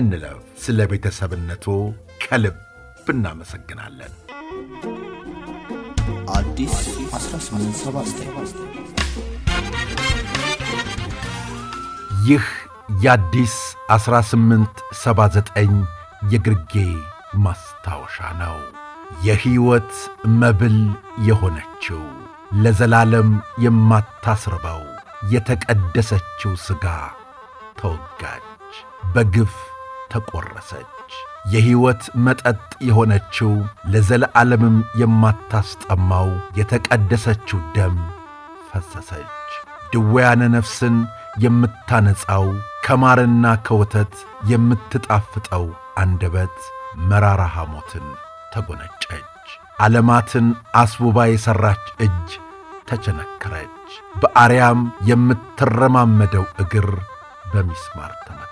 እንለፍ። ስለ ቤተሰብነቱ ከልብ እናመሰግናለን። ይህ የአዲስ 1879 የግርጌ ማስታወሻ ነው። የሕይወት መብል የሆነችው ለዘላለም የማታስርበው የተቀደሰችው ሥጋ ተወጋጅ በግፍ ተቆረሰች። የሕይወት መጠጥ የሆነችው ለዘለዓለምም የማታስጠማው የተቀደሰችው ደም ፈሰሰች። ድወያነ ነፍስን የምታነጻው ከማርና ከወተት የምትጣፍጠው አንደበት መራራ ሐሞትን ተጎነጨች። ዓለማትን አስቡባ የሠራች እጅ ተቸነከረች። በአርያም የምትረማመደው እግር በሚስማር ተመታ።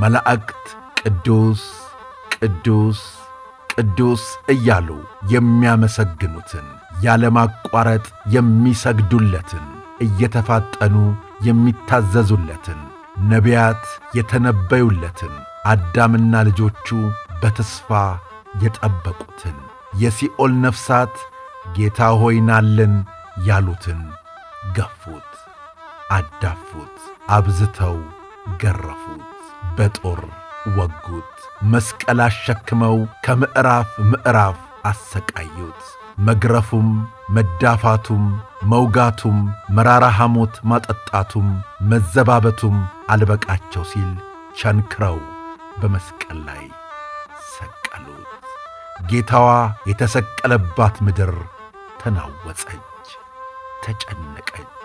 መላእክት ቅዱስ ቅዱስ ቅዱስ እያሉ የሚያመሰግኑትን ያለማቋረጥ የሚሰግዱለትን እየተፋጠኑ የሚታዘዙለትን ነቢያት የተነበዩለትን አዳምና ልጆቹ በተስፋ የጠበቁትን የሲኦል ነፍሳት ጌታ ሆይ ናለን ያሉትን ገፉት፣ አዳፉት፣ አብዝተው ገረፉት። በጦር ወጉት። መስቀል አሸክመው ከምዕራፍ ምዕራፍ አሰቃዩት። መግረፉም መዳፋቱም መውጋቱም መራራ ሐሞት ማጠጣቱም መዘባበቱም አልበቃቸው ሲል ቸንክረው በመስቀል ላይ ሰቀሉት። ጌታዋ የተሰቀለባት ምድር ተናወጸች፣ ተጨነቀች።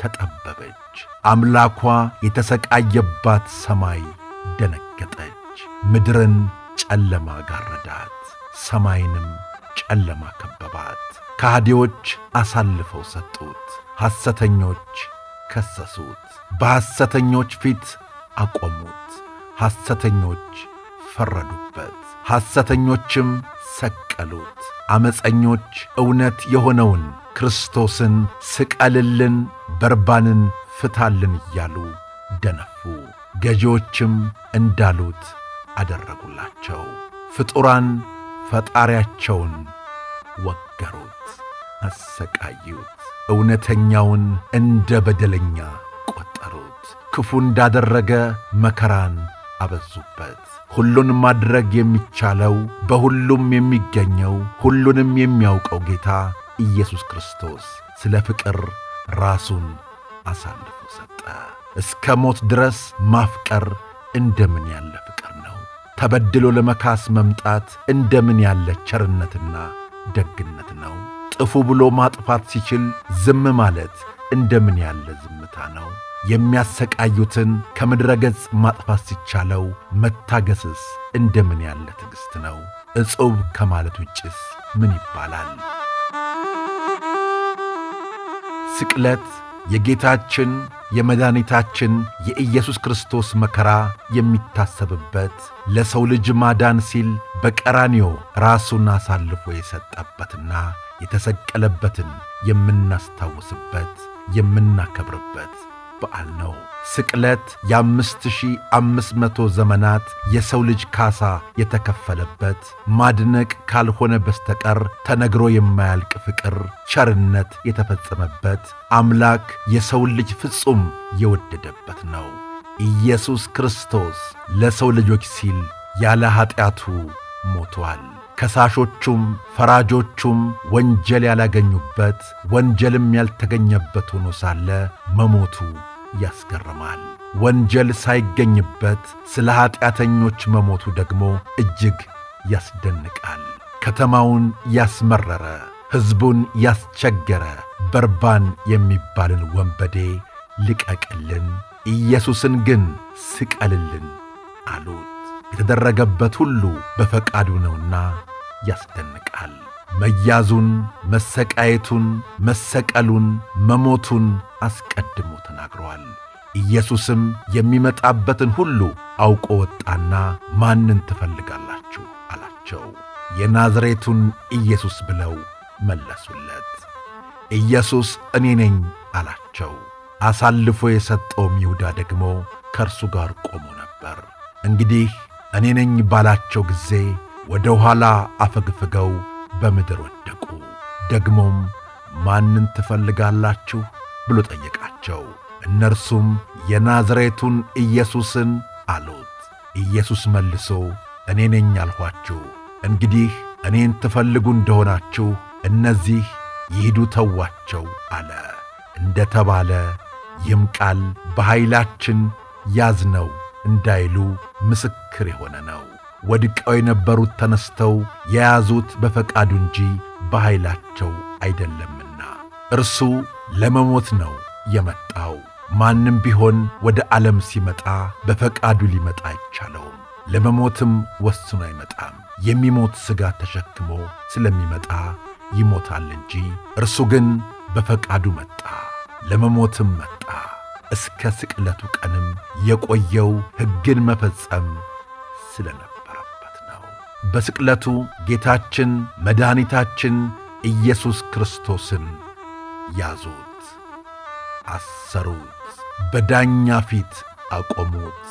ተጠበበች። አምላኳ የተሰቃየባት ሰማይ ደነገጠች። ምድርን ጨለማ ጋረዳት፣ ሰማይንም ጨለማ ከበባት። ከሃዲዎች አሳልፈው ሰጡት፣ ሐሰተኞች ከሰሱት። በሐሰተኞች ፊት አቆሙት፣ ሐሰተኞች ፈረዱበት፣ ሐሰተኞችም ሰቀሉት። ዐመፀኞች እውነት የሆነውን ክርስቶስን ስቀልልን በርባንን ፍታልን እያሉ ደነፉ። ገዢዎችም እንዳሉት አደረጉላቸው። ፍጡራን ፈጣሪያቸውን ወገሩት፣ አሰቃዩት። እውነተኛውን እንደ በደለኛ ቆጠሩት። ክፉ እንዳደረገ መከራን አበዙበት። ሁሉን ማድረግ የሚቻለው በሁሉም የሚገኘው ሁሉንም የሚያውቀው ጌታ ኢየሱስ ክርስቶስ ስለ ፍቅር ራሱን አሳልፎ ሰጠ። እስከ ሞት ድረስ ማፍቀር እንደምን ያለ ፍቅር ነው! ተበድሎ ለመካስ መምጣት እንደምን ያለ ቸርነትና ደግነት ነው! ጥፉ ብሎ ማጥፋት ሲችል ዝም ማለት እንደምን ያለ ዝምታ ነው! የሚያሰቃዩትን ከምድረ ገጽ ማጥፋት ሲቻለው መታገስስ እንደምን ያለ ትዕግሥት ነው! እጹብ ከማለት ውጭስ ምን ይባላል? ስቅለት የጌታችን የመድኃኒታችን የኢየሱስ ክርስቶስ መከራ የሚታሰብበት ለሰው ልጅ ማዳን ሲል በቀራኒዮ ራሱን አሳልፎ የሰጠበትና የተሰቀለበትን የምናስታውስበት የምናከብርበት በዓል ነው። ስቅለት የአምስት ሺህ አምስት መቶ ዘመናት የሰው ልጅ ካሳ የተከፈለበት ማድነቅ ካልሆነ በስተቀር ተነግሮ የማያልቅ ፍቅር፣ ቸርነት የተፈጸመበት አምላክ የሰው ልጅ ፍጹም የወደደበት ነው። ኢየሱስ ክርስቶስ ለሰው ልጆች ሲል ያለ ኀጢአቱ ሞቷል። ከሳሾቹም ፈራጆቹም ወንጀል ያላገኙበት ወንጀልም ያልተገኘበት ሆኖ ሳለ መሞቱ ያስገርማል። ወንጀል ሳይገኝበት ስለ ኀጢአተኞች መሞቱ ደግሞ እጅግ ያስደንቃል። ከተማውን ያስመረረ ሕዝቡን ያስቸገረ በርባን የሚባልን ወንበዴ ልቀቅልን፣ ኢየሱስን ግን ስቀልልን አሉት። የተደረገበት ሁሉ በፈቃዱ ነውና ያስደንቃል። መያዙን፣ መሰቃየቱን፣ መሰቀሉን፣ መሞቱን አስቀድሞ ተናግረዋል። ኢየሱስም የሚመጣበትን ሁሉ አውቆ ወጣና ማንን ትፈልጋላችሁ አላቸው። የናዝሬቱን ኢየሱስ ብለው መለሱለት። ኢየሱስ እኔ ነኝ አላቸው። አሳልፎ የሰጠውም ይሁዳ ደግሞ ከእርሱ ጋር ቆሞ ነበር። እንግዲህ እኔ ነኝ ባላቸው ጊዜ ወደ ኋላ አፈግፍገው በምድር ወደቁ። ደግሞም ማንን ትፈልጋላችሁ ብሎ ጠየቃቸው። እነርሱም የናዝሬቱን ኢየሱስን አሉት። ኢየሱስ መልሶ እኔ ነኝ አልኋችሁ። እንግዲህ እኔን ትፈልጉ እንደሆናችሁ እነዚህ ይሂዱ ተዋቸው አለ። እንደ ተባለ ይህም ቃል በኃይላችን ያዝነው እንዳይሉ ምስክር የሆነ ነው። ወድቀው የነበሩት ተነስተው የያዙት በፈቃዱ እንጂ በኃይላቸው አይደለምና እርሱ ለመሞት ነው የመጣው። ማንም ቢሆን ወደ ዓለም ሲመጣ በፈቃዱ ሊመጣ አይቻለውም። ለመሞትም ወስኖ አይመጣም። የሚሞት ሥጋ ተሸክሞ ስለሚመጣ ይሞታል እንጂ እርሱ ግን በፈቃዱ መጣ፣ ለመሞትም መጣ። እስከ ስቅለቱ ቀንም የቆየው ሕግን መፈጸም ስለነበር በስቅለቱ ጌታችን መድኃኒታችን ኢየሱስ ክርስቶስን ያዙት፣ አሰሩት፣ በዳኛ ፊት አቆሙት፣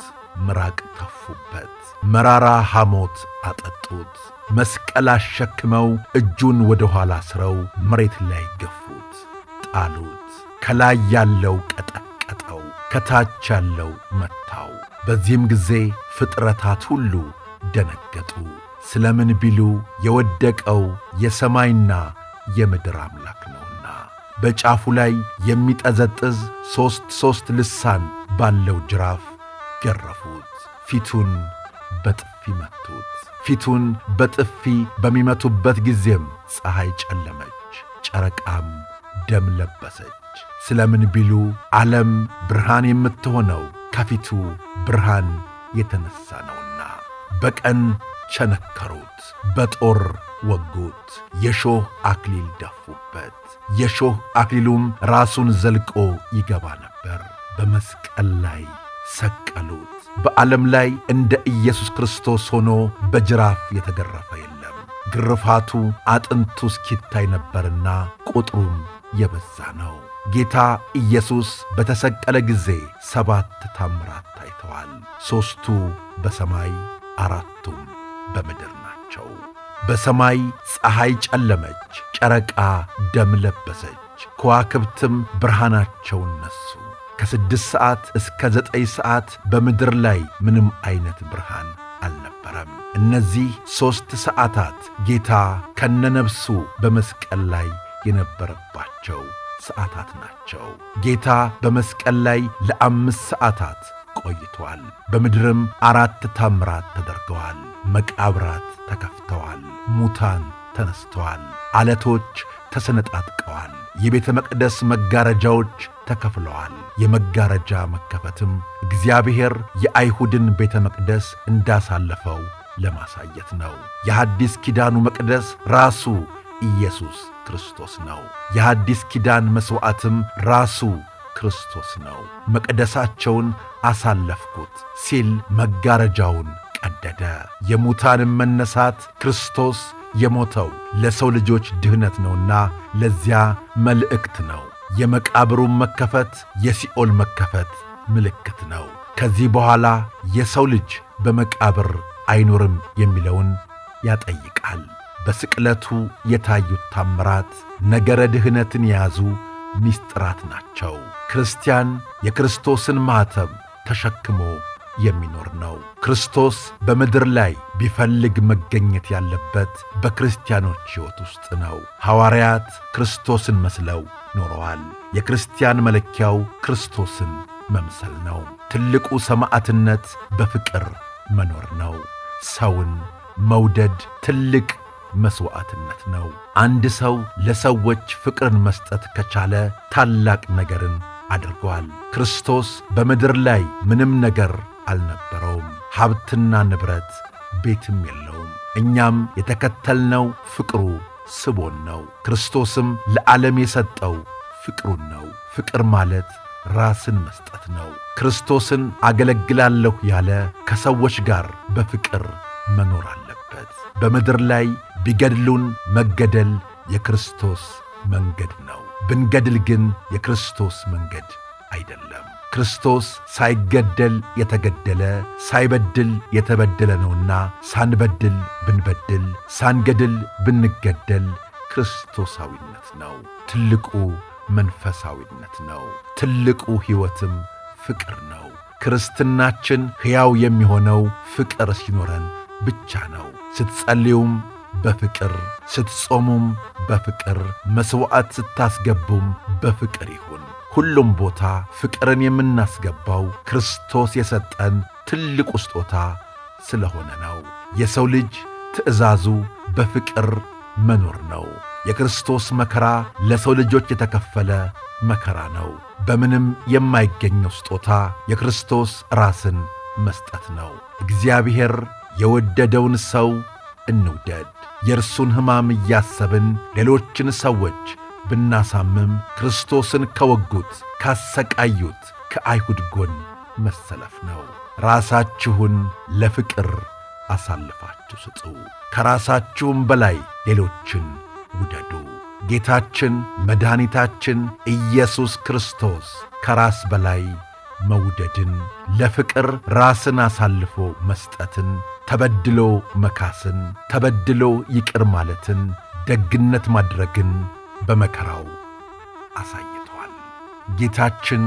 ምራቅ ተፉበት፣ መራራ ሐሞት አጠጡት፣ መስቀል አሸክመው እጁን ወደ ኋላ ስረው መሬት ላይ ገፉት፣ ጣሉት። ከላይ ያለው ቀጠቀጠው፣ ከታች ያለው መታው። በዚህም ጊዜ ፍጥረታት ሁሉ ደነገጡ። ስለምን ቢሉ የወደቀው የሰማይና የምድር አምላክ ነውና በጫፉ ላይ የሚጠዘጥዝ ሦስት ሦስት ልሳን ባለው ጅራፍ ገረፉት፣ ፊቱን በጥፊ መቱት። ፊቱን በጥፊ በሚመቱበት ጊዜም ፀሐይ ጨለመች፣ ጨረቃም ደም ለበሰች። ስለምን ቢሉ ዓለም ብርሃን የምትሆነው ከፊቱ ብርሃን የተነሣ ነውና በቀን ቸነከሩት፣ በጦር ወጉት፣ የሾህ አክሊል ደፉበት። የሾህ አክሊሉም ራሱን ዘልቆ ይገባ ነበር። በመስቀል ላይ ሰቀሉት። በዓለም ላይ እንደ ኢየሱስ ክርስቶስ ሆኖ በጅራፍ የተገረፈ የለም። ግርፋቱ አጥንቱ እስኪታይ ነበርና ቁጥሩም የበዛ ነው። ጌታ ኢየሱስ በተሰቀለ ጊዜ ሰባት ታምራት ታይተዋል። ሦስቱ በሰማይ አራቱም በምድር ናቸው። በሰማይ ፀሐይ ጨለመች፣ ጨረቃ ደም ለበሰች፣ ከዋክብትም ብርሃናቸውን ነሱ። ከስድስት ሰዓት እስከ ዘጠኝ ሰዓት በምድር ላይ ምንም አይነት ብርሃን አልነበረም። እነዚህ ሦስት ሰዓታት ጌታ ከነነብሱ በመስቀል ላይ የነበረባቸው ሰዓታት ናቸው። ጌታ በመስቀል ላይ ለአምስት ሰዓታት ቆይተዋል። በምድርም አራት ታምራት ተደርገዋል። መቃብራት ተከፍተዋል። ሙታን ተነስተዋል። አለቶች ተሰነጣጥቀዋል። የቤተ መቅደስ መጋረጃዎች ተከፍለዋል። የመጋረጃ መከፈትም እግዚአብሔር የአይሁድን ቤተ መቅደስ እንዳሳለፈው ለማሳየት ነው። የሐዲስ ኪዳኑ መቅደስ ራሱ ኢየሱስ ክርስቶስ ነው። የሐዲስ ኪዳን መሥዋዕትም ራሱ ክርስቶስ ነው። መቅደሳቸውን አሳለፍኩት ሲል መጋረጃውን ቀደደ። የሙታንም መነሳት ክርስቶስ የሞተው ለሰው ልጆች ድኅነት ነውና ለዚያ መልእክት ነው። የመቃብሩም መከፈት የሲኦል መከፈት ምልክት ነው። ከዚህ በኋላ የሰው ልጅ በመቃብር አይኖርም የሚለውን ያጠይቃል። በስቅለቱ የታዩት ታምራት ነገረ ድኅነትን የያዙ ምስጢራት ናቸው። ክርስቲያን የክርስቶስን ማኅተም ተሸክሞ የሚኖር ነው። ክርስቶስ በምድር ላይ ቢፈልግ መገኘት ያለበት በክርስቲያኖች ሕይወት ውስጥ ነው። ሐዋርያት ክርስቶስን መስለው ኖረዋል። የክርስቲያን መለኪያው ክርስቶስን መምሰል ነው። ትልቁ ሰማዕትነት በፍቅር መኖር ነው። ሰውን መውደድ ትልቅ መሥዋዕትነት ነው። አንድ ሰው ለሰዎች ፍቅርን መስጠት ከቻለ ታላቅ ነገርን አድርጓል። ክርስቶስ በምድር ላይ ምንም ነገር አልነበረውም። ሀብትና ንብረት ቤትም የለውም። እኛም የተከተልነው ፍቅሩ ስቦን ነው። ክርስቶስም ለዓለም የሰጠው ፍቅሩን ነው። ፍቅር ማለት ራስን መስጠት ነው። ክርስቶስን አገለግላለሁ ያለ ከሰዎች ጋር በፍቅር መኖር አለበት። በምድር ላይ ቢገድሉን መገደል የክርስቶስ መንገድ ነው። ብንገድል ግን የክርስቶስ መንገድ አይደለም። ክርስቶስ ሳይገደል የተገደለ ሳይበድል የተበደለ ነውና ሳንበድል ብንበድል፣ ሳንገድል ብንገደል ክርስቶሳዊነት ነው። ትልቁ መንፈሳዊነት ነው። ትልቁ ሕይወትም ፍቅር ነው። ክርስትናችን ሕያው የሚሆነው ፍቅር ሲኖረን ብቻ ነው። ስትጸልዩም በፍቅር ስትጾሙም በፍቅር መሥዋዕት ስታስገቡም በፍቅር ይሁን። ሁሉም ቦታ ፍቅርን የምናስገባው ክርስቶስ የሰጠን ትልቁ ስጦታ ስለሆነ ነው። የሰው ልጅ ትእዛዙ በፍቅር መኖር ነው። የክርስቶስ መከራ ለሰው ልጆች የተከፈለ መከራ ነው። በምንም የማይገኘው ስጦታ የክርስቶስ ራስን መስጠት ነው። እግዚአብሔር የወደደውን ሰው እንውደድ። የእርሱን ሕማም እያሰብን ሌሎችን ሰዎች ብናሳምም ክርስቶስን ከወጉት ካሰቃዩት ከአይሁድ ጎን መሰለፍ ነው። ራሳችሁን ለፍቅር አሳልፋችሁ ስጡ። ከራሳችሁም በላይ ሌሎችን ውደዱ። ጌታችን መድኃኒታችን ኢየሱስ ክርስቶስ ከራስ በላይ መውደድን፣ ለፍቅር ራስን አሳልፎ መስጠትን፣ ተበድሎ መካስን፣ ተበድሎ ይቅር ማለትን፣ ደግነት ማድረግን በመከራው አሳይቷል። ጌታችን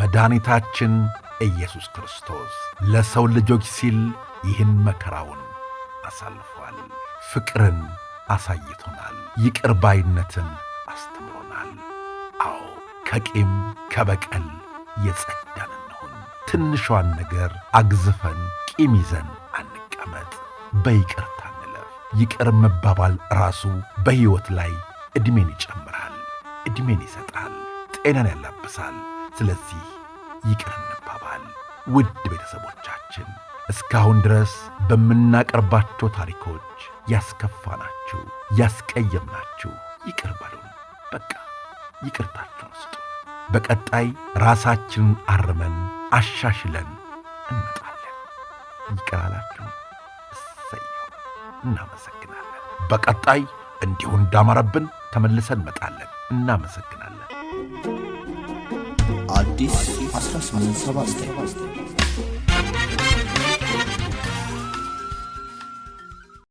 መድኃኒታችን ኢየሱስ ክርስቶስ ለሰው ልጆች ሲል ይህን መከራውን አሳልፏል። ፍቅርን አሳይቶናል። ይቅር ባይነትን አስተምሮናል። አዎ ከቂም ከበቀል የጸዳን እንሆን። ትንሿን ነገር አግዝፈን ቂም ይዘን አንቀመጥ። በይቅርታ እንለፍ። ይቅር መባባል ራሱ በሕይወት ላይ ዕድሜን ይጨምራል፣ ዕድሜን ይሰጣል፣ ጤናን ያላብሳል። ስለዚህ ይቅር እንባባል። ውድ ቤተሰቦቻችን እስካሁን ድረስ በምናቀርባቸው ታሪኮች ያስከፋናችሁ፣ ያስቀየምናችሁ ይቅር በሉን። በቃ ይቅርታችሁን ስጡ። በቀጣይ ራሳችንን አርመን አሻሽለን እንመጣለን። ይቀላላችሁ። እሰየው። እናመሰግናለን። በቀጣይ እንዲሁ እንዳማረብን ተመልሰን እንመጣለን። እናመሰግናለን። አዲስ 1879